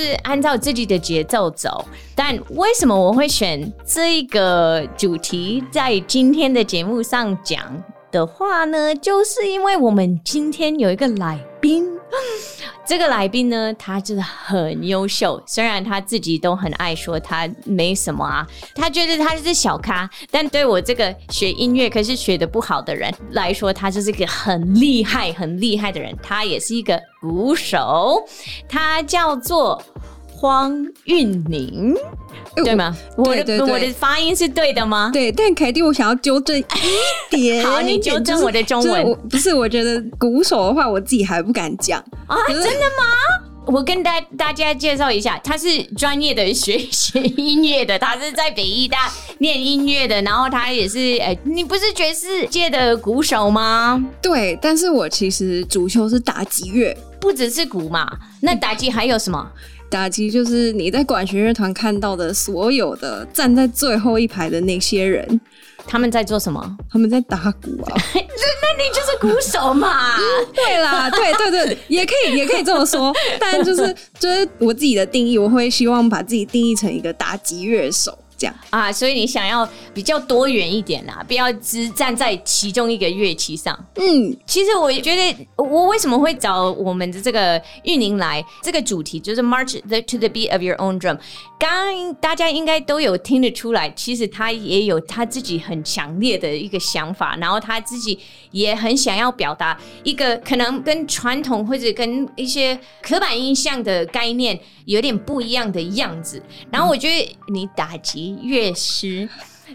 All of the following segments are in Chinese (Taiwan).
是按照自己的節奏走，但為什麼我會選這個主題在今天的節目上講的話呢？就是因為我們今天有一個來賓。 這個來賓呢，他真的很優秀。雖然他自己都很愛說他沒什麼啊，他覺得他是小咖，但對我這個學音樂可是學得不好的人來說，他就是一個很厲害、很厲害的人。他也是一個鼓手，他叫做。黃昱寧，呃、對嗎？我，對對對，我的我的發音是對的嗎？對，但凱蒂，我想要糾正一點，點， 好，你糾正我的中文，就是就是。不是，我覺得鼓手的話，我自己還不敢講啊，是真的嗎？我跟大大家介紹一下，他是專業的學學音樂的，他是在北藝大念音樂的，然後他也是哎、呃，你不是爵士界的鼓手嗎？對，但是我其實主修是打擊樂，不只是鼓嘛。那打擊還有什麼？嗯打擊就是你在管弦樂團看到的所有的站在最後一排的那些人，他們在做什麼？他們在打鼓啊！那 那你就是鼓手嘛？ 對啦，對對對， 也可以也可以這麼說，但就是就是我自己的定義，我會希望把自己定義成一個打擊樂手。這樣啊，所以你想要比較多元一點吶、啊，不要只站在其中一個樂器上。嗯，其實我覺得我為什麼會找我們的這個昱寧來，這個主題就是《March the, to the Beat of Your Own Drum》。剛剛大家應該都有聽得出來，其實他也有他自己很強烈的一個想法，然後他自己也很想要表達一個可能跟傳統或者跟一些刻板印象的概念有點不一樣的樣子。然後我覺得你打擊樂師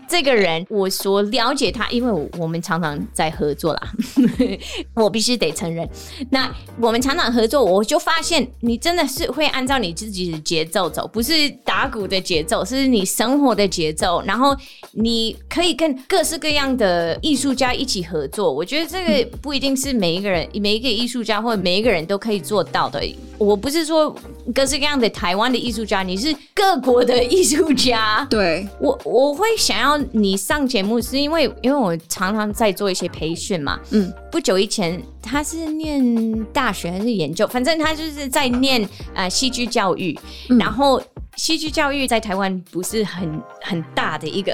這個人，我所了解他，因為我們常常在合作啦呵呵，我必須得承認。那我們常常合作，我就發現你真的是會按照你自己的節奏走，不是打鼓的節奏，是你生活的節奏。然後你可以跟各式各樣的藝術家一起合作，我覺得這個不一定是每一個人，每一個藝術家或者每一個人都可以做到的。我不是說。各式各樣的台灣的藝術家，你是各國的藝術家，對。我我會想要你上節目，是因為因為我常常在做一些培訓嘛。嗯，不久以前他是念大學還是研究，反正他就是在念啊戲劇教育，嗯、然後戲劇教育在台灣不是很很大的一個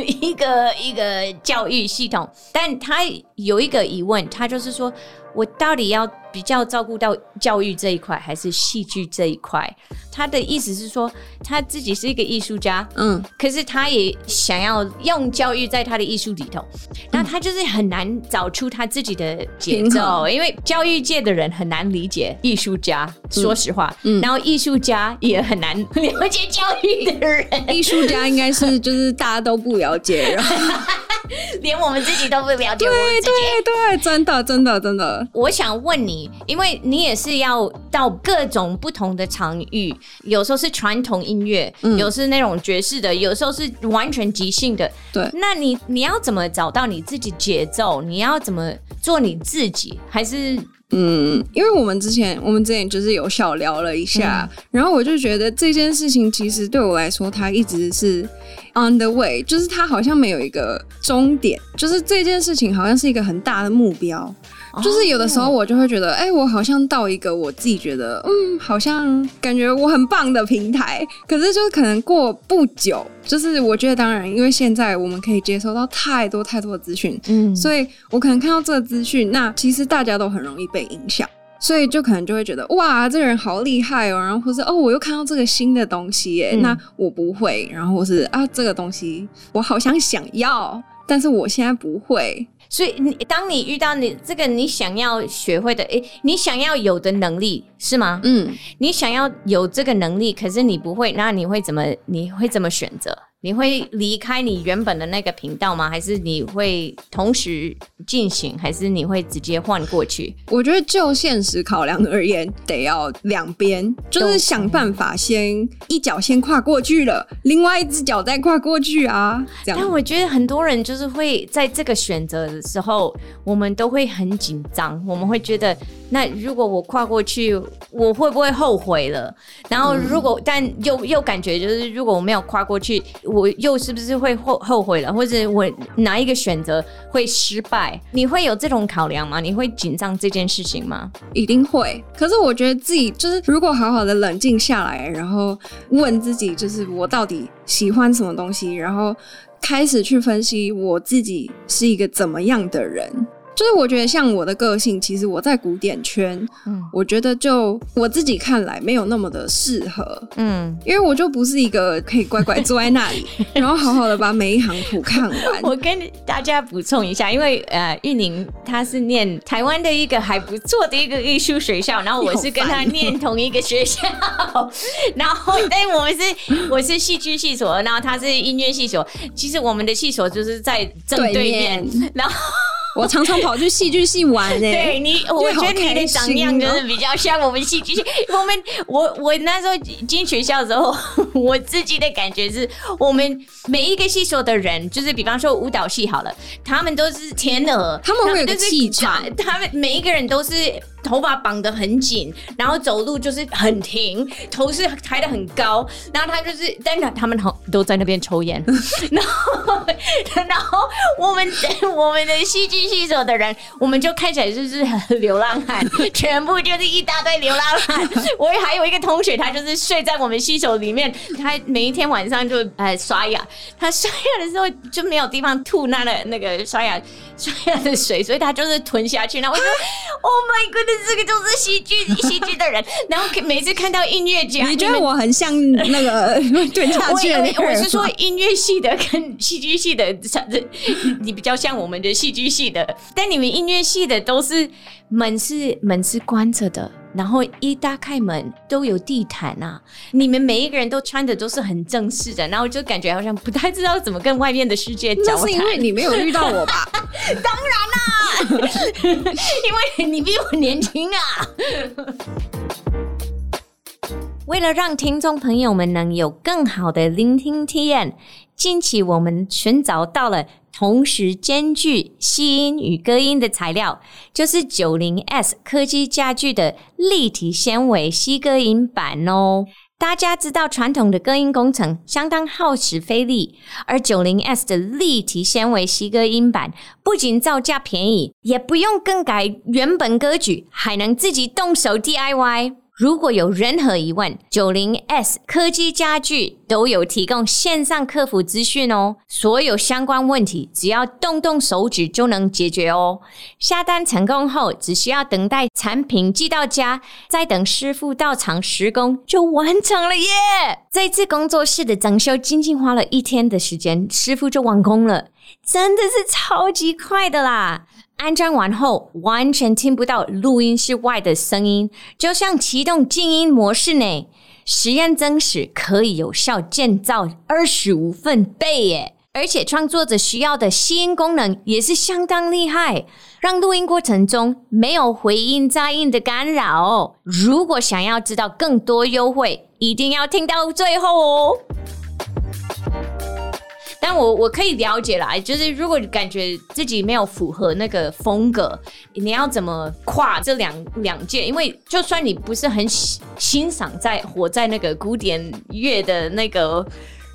一個一個、一個教育系統，但他有一個疑問，他就是說。我到底要比較照顧到教育這一塊，還是戲劇這一塊？他的意思是說，他自己是一個藝術家，嗯，可是他也想要用教育在他的藝術裡頭，嗯、那他就是很難找出他自己的節奏，平衡。因為教育界的人很難理解藝術家，嗯、說實話，嗯、然後藝術家也很難了解教育的人。藝術家應該是就是大家都不了解。然後 連我們自己都不了解，對對對，真的真的真的。真的我想問你，因為你也是要到各種不同的場域，有時候是傳統音樂，嗯，有時候是那種爵士的，有時候是完全即興的，對。那你你要怎麼找到你自己節奏？你要怎麼做你自己？還是？嗯，因為我們之前，我們之前就是有小聊了一下，嗯、然後我就覺得這件事情其實對我來說，它一直是 on the way，就是它好像沒有一個終點，就是這件事情好像是一個很大的目標。就是有的時候我就會覺得，哎、欸，我好像到一個我自己覺得，嗯，好像感覺我很棒的平台。可是就是可能過不久，就是我覺得當然，因為現在我們可以接收到太多太多的資訊，嗯，所以我可能看到這個資訊，那其實大家都很容易被影響，所以就可能就會覺得，哇，這個人好厲害哦，然後或是哦，我又看到這個新的東西耶，嗯、那我不會，然後是啊，這個東西我好像想要，但是我現在不會。所以你當你遇到你這個你想要學會的誒、欸，你想要有的能力是嗎？嗯，你想要有這個能力，可是你不會，那你會怎麼？你會怎麼選擇？你會離開你原本的那個頻道嗎？還是你會同時進行？還是你會直接換過去？我覺得就現實考量而言，得要兩邊，就是想辦法先一腳先跨過去了，另外一只腳再跨過去啊。但我覺得很多人就是會在這個選擇的時候，我們都會很緊張，我們會覺得。那如果我跨過去，我會不會後悔了？然後如果，嗯、但又又感覺，就是如果我沒有跨過去，我又是不是會後後悔了？或者我哪一個選擇會失敗？你會有這種考量嗎？你會緊張這件事情嗎？一定會。可是我覺得自己就是，如果好好的冷靜下來，然後問自己，就是我到底喜歡什麼東西，然後開始去分析我自己是一個怎麼樣的人。就是我覺得像我的個性，其實我在古典圈，嗯，我覺得就我自己看來沒有那麼的適合，嗯，因為我就不是一個可以乖乖坐在那裡， 然後好好的把每一行譜看完。 我跟大家補充一下，因為呃，昱寧她是念台灣的一個還不錯的一個藝術學校，然後我是跟她念同一個學校， 好煩喔、 然後但我們是我是戲劇系所，然後她是音樂系所，其實我們的系所就是在正對面，對面然後。我常常跑去戲劇系玩誒、欸，對你，我覺得你的長相就是比較像我們戲劇系。我們我我那時候進學校的時候，我自己的感覺是我們每一個系所的人，就是比方說舞蹈系好了，他們都是天鵝，他們會有一個氣場、就是，他們每一個人都是頭髮綁的很緊，然後走路就是很停，頭是抬的很高，然後他就是真的，但他們好都在那邊抽煙， 然後然後我們我們的戲劇。洗手的人，我們就看起來就是流浪漢，全部就是一大堆流浪漢。我還有一個同學，他就是睡在我們洗手裡面，他每一天晚上就呃刷牙，他刷牙的時候就沒有地方吐，那個那個刷牙。重要的水，所以他就是吞下去。然後我就說、啊、，Oh my god！這個就是戲劇，戲劇的人。然後每次看到音樂家， 你，們你覺得我很像那個對下去、那個我，我也是。我是說音樂系的跟戲劇系的，你比較像我們的戲劇系的，但你們音樂系的都是門是門是關着的。然後一打開門都有地毯吶、啊，你們每一個人都穿的都是很正式的，然後就感覺好像不太知道怎麼跟外面的世界交談。是因為你沒有遇到我吧？ 當然啦、啊， 因為你比我年輕啊。 為了讓聽眾朋友們能有更好的聆聽體驗，近期我們尋找到了。同時兼具吸音與隔音的材料，就是 90s 科技家具的立體纖維吸隔音板哦。大家知道傳統的隔音工程相當耗時費力，而 90s 的立體纖維吸隔音板不僅造價便宜，也不用更改原本格局，還能自己動手 DIY。如果有任何疑問，90S 科技家具都有提供線上客服資訊哦。所有相關問題，只要動動手指就能解決哦。下單成功後，只需要等待產品寄到家，再等師傅到場施工就完成了耶！Yeah! 這次工作室的整修僅僅花了一天的時間，師傅就完工了，真的是超級快的啦！安裝完後，完全聽不到錄音室外的聲音，就像啟動靜音模式內。實驗證實，可以有效降噪二十五分貝耶。而且創作者需要的吸音功能也是相當厲害，讓錄音過程中沒有回音、雜音的干擾哦。如果想要知道更多優惠，一定要聽到最後哦。但我我可以了解啦，就是如果感覺自己沒有符合那個風格，你要怎麼跨這兩兩界？因為就算你不是很欣賞在活在那個古典樂的那個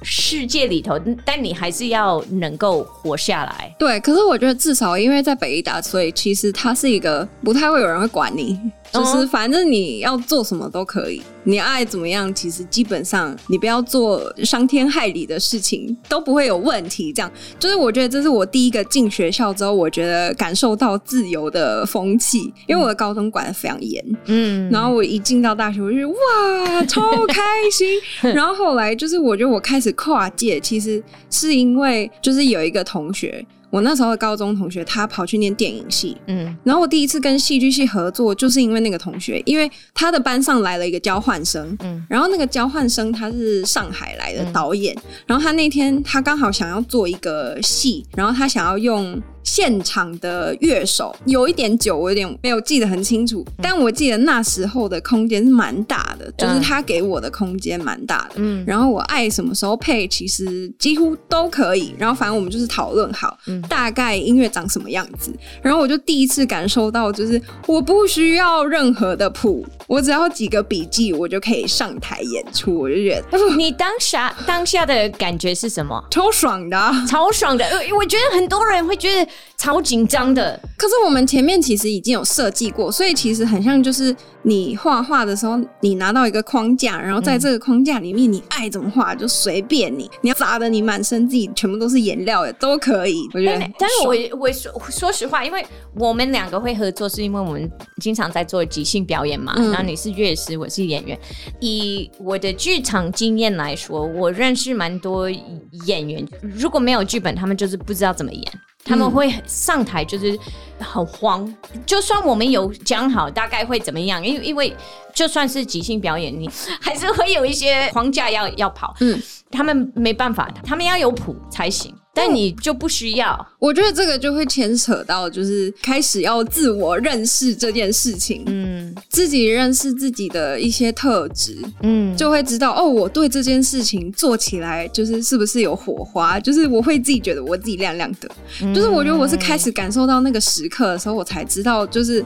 世界裡頭，但你還是要能夠活下來。對，可是我覺得至少因為在北藝大，所以其實他是一個不太會有人會管你，就是反正你要做什麼都可以。哦。你愛怎麼樣？其實基本上，你不要做傷天害理的事情，都不會有問題。這樣就是，我覺得這是我第一個進學校之後，我覺得感受到自由的風氣。因為我的高中管得非常嚴，嗯，然後我一進到大學，我就覺得哇，超開心。 然後後來就是，我覺得我開始跨界，其實是因為就是有一個同學。我那時候的高中同學，他跑去念電影系，嗯，然後我第一次跟戲劇系合作，就是因為那個同學，因為他的班上來了一個交換生，嗯，然後那個交換生他是上海來的導演，嗯，然後他那天他剛好想要做一個戲，然後他想要用。現場的樂手有一點久，我有點沒有記得很清楚。嗯、但我記得那時候的空間是蠻大的，嗯、就是他給我的空間蠻大的。嗯，然後我愛什麼時候配，其實幾乎都可以。然後反正我們就是討論好，嗯、大概音樂長什麼樣子。然後我就第一次感受到，就是我不需要任何的譜，我只要幾個筆記，我就可以上台演出。我就覺得，呃、你當下當下的感覺是什麼？超爽的啊、超爽的，超爽的。因為我覺得很多人會覺得。超緊張的，可是我們前面其實已經有設計過，所以其實很像就是你畫畫的時候，你拿到一個框架，然後在這個框架裡面，嗯、你愛怎麼畫就隨便你，你要砸的你滿身自己全部都是顏料的都可以。我覺得，但是我也我也說說實話，因為我們兩個會合作，是因為我們經常在做即興表演嘛。嗯、然後你是樂師，我是演員。以我的劇場經驗來說，我認識蠻多演員，如果沒有劇本，他們就是不知道怎麼演。他們會上台，就是很慌，就算我們有講好大概會怎麼樣，因為因為就算是即興表演，你還是會有一些框架要要跑。嗯，他們沒辦法，他們要有譜才行。嗯，但你就不需要。我覺得這個就會牽扯到，就是開始要自我認識這件事情。嗯。自己認識自己的一些特質，嗯，就會知道哦，我對這件事情做起來就是是不是有火花，就是我會自己覺得我自己亮亮的，嗯，就是我覺得我是開始感受到那個時刻的時候，我才知道，就是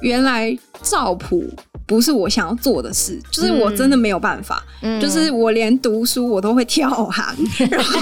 原來照譜不是我想要做的事，就是我真的沒有辦法，嗯，就是我連讀書我都會跳行，然後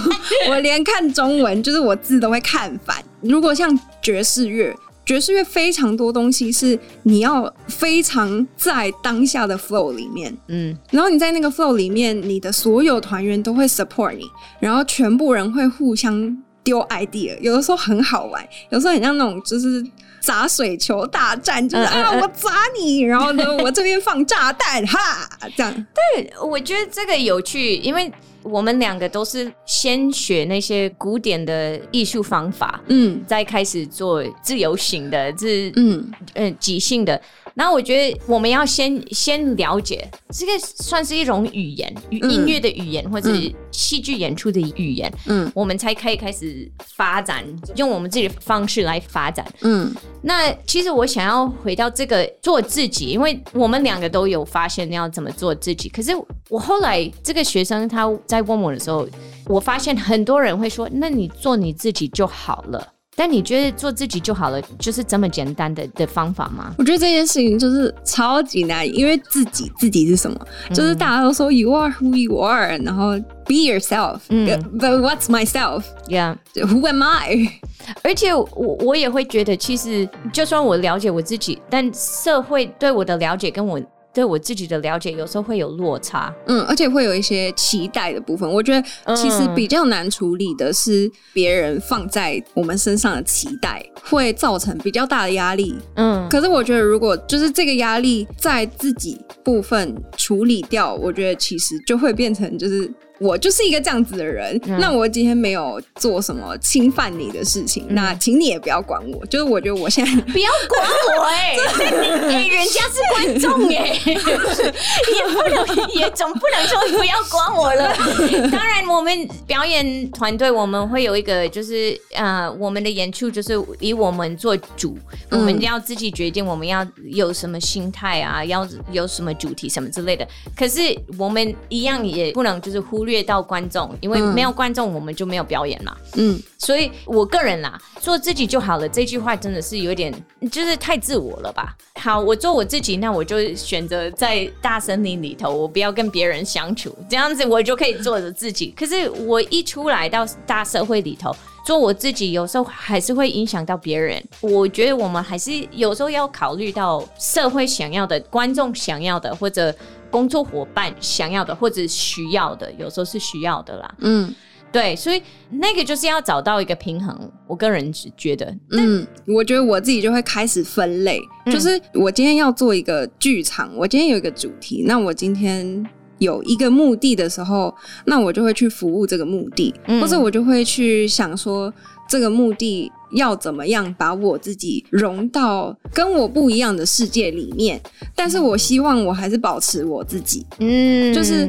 我連看中文就是我字都會看反，如果像爵士樂。爵士樂非常多東西是你要非常在當下的 flow 裡面，嗯，然後你在那個 flow 裡面，你的所有團員都會 support 你，然後全部人會互相丟 idea，有的時候很好玩，有的時候很像那種就是砸水球大戰，就是啊、嗯、我砸你，嗯、然後呢，我這邊放炸彈， 哈這樣。對，我覺得這個有趣，因為。我們兩個都是先學那些古典的藝術方法，嗯，再開始做自由行的，自嗯嗯即興的。那我覺得我們要先先了解，這個算是一種語言，嗯、音樂的語言或者戲劇演出的語言，嗯，我們才可以開始發展，用我們自己的方式來發展，嗯。那其實我想要回到這個做自己，因為我們兩個都有發現要怎麼做自己。可是我後來這個學生他在問我的時候，我發現很多人會說：“那你做你自己就好了。”但你覺得做自己就好了，就是這麼簡單的的方法嗎？我覺得這件事情就是超級難，因為自己自己是什麼？嗯、就是大家都說 you are who you are，然後 be yourself 嗯。嗯，but what's myself？Yeah，who am I？而且我我也會覺得，其實就算我了解我自己，但社會對我的了解跟我。對我自己的了解，有時候會有落差。嗯，而且會有一些期待的部分。我覺得其實比較難處理的是別人放在我們身上的期待，會造成比較大的壓力。嗯，可是我覺得如果就是這個壓力在自己部分處理掉，我覺得其實就會變成就是。我就是一個這樣子的人，嗯、那我今天沒有做什麼侵犯你的事情，嗯、那請你也不要管我。就是我覺得我現在不要管我哎、欸，哎 對、欸，人家是觀眾哎、欸， 也不能也總不能說不要管我了。 當然，我們表演團隊我們會有一個就是呃我們的演出就是以我們做主，嗯、我們要自己決定我們要有什麼心態啊，要有什麼主題什麼之類的。可是我們一樣也不能就是忽略。越到觀眾，因為沒有觀眾，我們就沒有表演嘛。嗯，所以我個人啦，做自己就好了。這句話真的是有點，就是太自我了吧？好，我做我自己，那我就選擇在大森林裡頭，我不要跟別人相處，這樣子我就可以做着自己。 可是我一出來到大社會裡頭，做我自己，有時候還是會影響到別人。我覺得我們還是有時候要考慮到社會想要的、觀眾想要的，或者。工作夥伴想要的或者需要的，有時候是需要的啦。嗯，對，所以那個就是要找到一個平衡。我個人覺得，嗯，我覺得我自己就會開始分類，嗯、就是我今天要做一個劇場，我今天有一個主題，那我今天有一個目的的時候，那我就會去服務這個目的，或者我就會去想說這個目的。要怎麼樣把我自己融到跟我不一樣的世界裡面？但是我希望我還是保持我自己。嗯，就是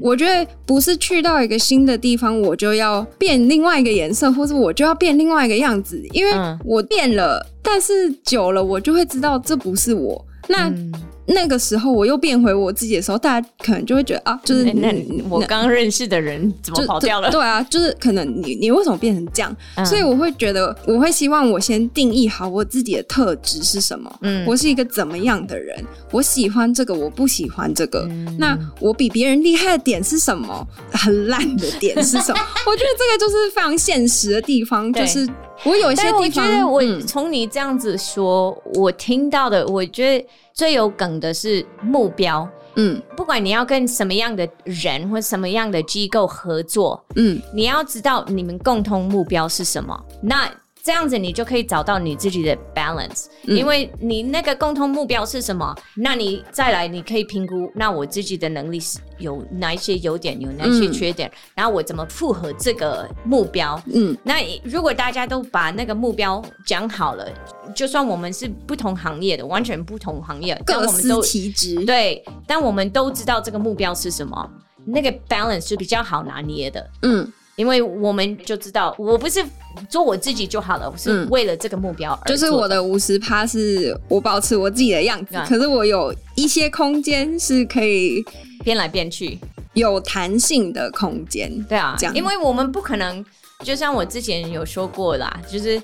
我覺得不是去到一個新的地方我就要變另外一個顏色，或是我就要變另外一個樣子。因為我變了，嗯、但是久了我就會知道這不是我。那、嗯。那個時候我又變回我自己的時候，大家可能就會覺得啊，就是、嗯、那我剛認識的人怎麼跑掉了？對啊，就是可能你你為什麼變成這樣？嗯、所以我會覺得，我會希望我先定義好我自己的特質是什麼，嗯，我是一個怎麼樣的人？我喜歡這個，我不喜歡這個。嗯、那我比別人厲害的點是什麼？很爛的點是什麼？ 我覺得這個就是非常現實的地方。對就是我有一些地方，我從你這樣子說，嗯、我聽到的，我覺得。最有梗的是目標，嗯，不管你要跟什麼樣的人或什麼樣的機構合作，嗯，你要知道你們共同目標是什麼？那。這樣子你就可以找到你自己的 balance，嗯、因為你那個共同目標是什麼，那你再來，你可以評估，那我自己的能力是有哪一些優點，有哪一些缺點，嗯、然後我怎麼符合這個目標？嗯，那如果大家都把那個目標講好了，就算我們是不同行業的，完全不同行業，各司其職，但我們都，對，但我們都知道這個目標是什麼，那個 balance 是比較好拿捏的。嗯。因為我們就知道，我不是做我自己就好了，嗯、我是為了這個目標而。就是我的五十趴是我保持我自己的樣子，嗯啊、可是我有一些空間是可以變來變去，有彈性的空間。邊邊空對啊，這樣，因為我們不可能，就像我之前有說過啦，就是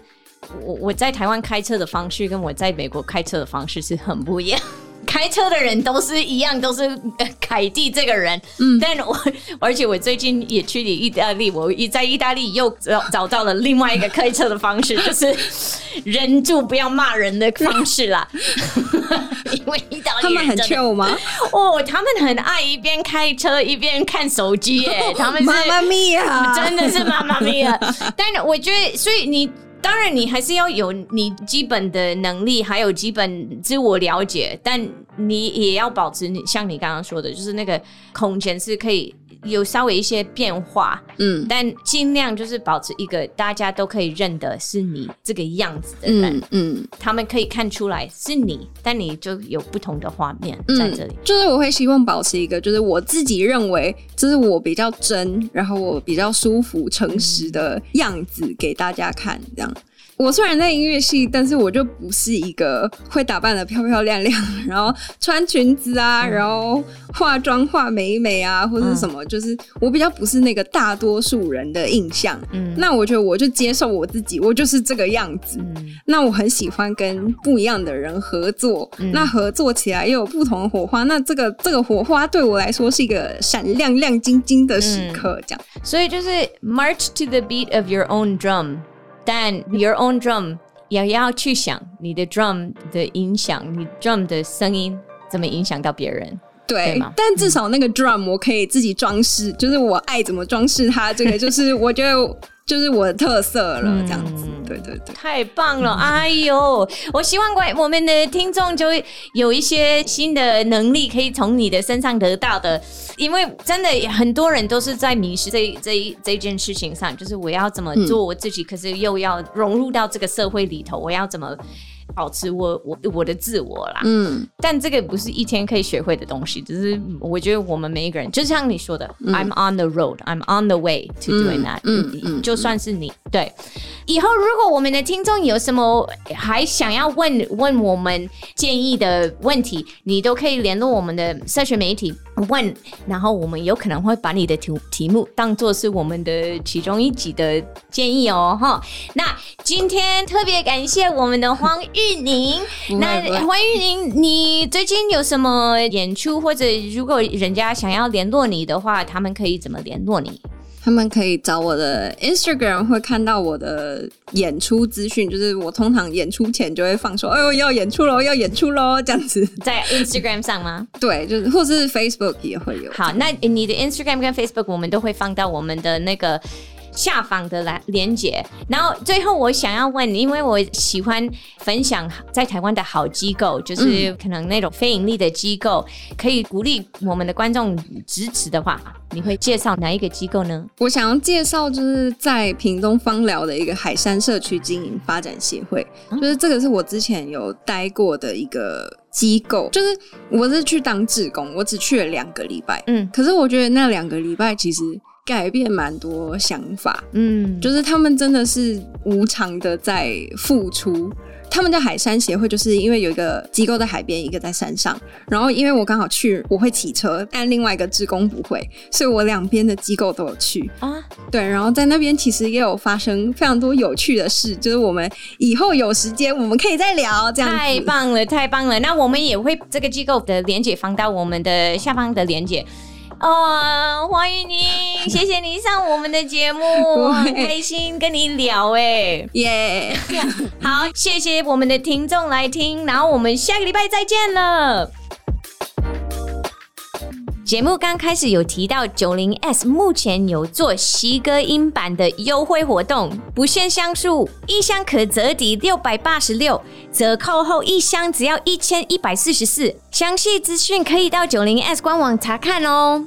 我我在台灣開車的方式跟我在美國開車的方式是很不一樣。開車的人都是一樣，都是凱蒂這個人。嗯、但我而且我最近也去了意大利，我也在意大利又找到了另外一個開車的方式， 就是忍住不要罵人的方式啦。 因為意大利他們很欠我嗎？哦，他們很愛一邊開車一邊看手機耶、欸，他們是媽媽咪呀，真的是媽媽咪呀、啊 啊。但我覺得，所以你。當然，你還是要有你基本的能力，還有基本自我了解，但你也要保持你，像你剛剛說的，就是那個空間是可以，有稍微一些變化，嗯，但盡量就是保持一個大家都可以認得是你這個樣子的人。嗯，嗯，他們可以看出來是你，但你就有不同的畫面在這裡。嗯，就是我會希望保持一個，就是我自己認為，這是我比較真，然後我比較舒服、誠實的樣子給大家看，這樣。我雖然在音樂系，但是我就不是一個會打扮得漂漂亮亮，然後穿裙子啊，嗯、然後化妝化美美啊，或者什麼，嗯、就是我比較不是那個大多數人的印象。嗯，那我覺得我就接受我自己，我就是這個樣子。嗯，那我很喜歡跟不一樣的人合作，嗯、那合作起來又有不同的火花，那這個這個火花對我來說是一個閃亮亮晶晶的時刻，這樣。所以就是 march to the beat of your own drum。但 your own drum 也要去想你的 drum 的影響，你 drum 的聲音怎麼影響到別人？對，對嗎？但至少那個 drum 我可以自己裝飾，嗯、就是我愛怎麼裝飾它。這個就是我覺得我。 就是我的特色了，嗯、這樣子，對對對，太棒了！哎、嗯、呦，我希望怪我們的聽眾就會有一些新的能力可以從你的身上得到的，因為真的很多人都是在迷失這這這一件事情上，就是我要怎麼做我自己，嗯、可是又要融入到這個社會裡頭，我要怎麼？保持我我我的自我啦，嗯，但這個不是一天可以學會的東西，只、就是我覺得我們每一個人，就像你說的、嗯、，I'm on the road, I'm on the way to doing that，嗯嗯，嗯嗯嗯就算是你對。以後如果我們的聽眾有什麼還想要問問我們建議的問題，你都可以聯絡我們的社群媒體。問，One, 然後我們有可能會把你的題題目當做是我們的其中一集的建議哦，哈。那今天特別感謝我們的黃昱寧。 那 黃昱寧，你最近有什麼演出，或者如果人家想要聯絡你的話，他們可以怎麼聯絡你？他們可以找我的 Instagram，會看到我的演出資訊。就是我通常演出前就會放說：“哎呦，要演出嘍，要演出嘍！”這樣子。在 Instagram 上嗎？對，就是或是 Facebook 也會有。好，那你的 Instagram 跟 Facebook 我們都會放到我們的那個。下訪的來連接，然後最後我想要問你，因為我喜歡分享在台灣的好機構，就是可能那種非盈利的機構，嗯、可以鼓勵我們的觀眾支持的話，你會介紹哪一個機構呢？我想要介紹就是在屏東方療的一個海山社區經營發展協會，就是這個是我之前有待過的一個機構，嗯、就是我是去當志工，我只去了兩個禮拜，嗯，可是我覺得那兩個禮拜其實改變蠻多想法，嗯，就是他們真的是無償的在付出。他們的海山協會，就是因為有一個機構在海邊，一個在山上。然後因為我剛好去，我會騎車，但另外一個志工不會，所以我兩邊的機構都有去啊。對，然後在那邊其實也有發生非常多有趣的事，就是我們以後有時間我們可以再聊這樣子。太棒了，太棒了。那我們也會把這個機構的連結放到我們的下方的連結。呃，歡迎您，謝謝您上我們的節目， 我很開心跟你聊欸，誒耶，好，謝謝我們的聽眾來聽，然後我們下個禮拜再見了。節目剛開始有提到，九零 S 目前有做吸隔音板的優惠活動，不限箱數，一箱可折抵六百八十六，折扣後一箱只要一千一百四十四。詳細資訊可以到九零 S 官網查看哦。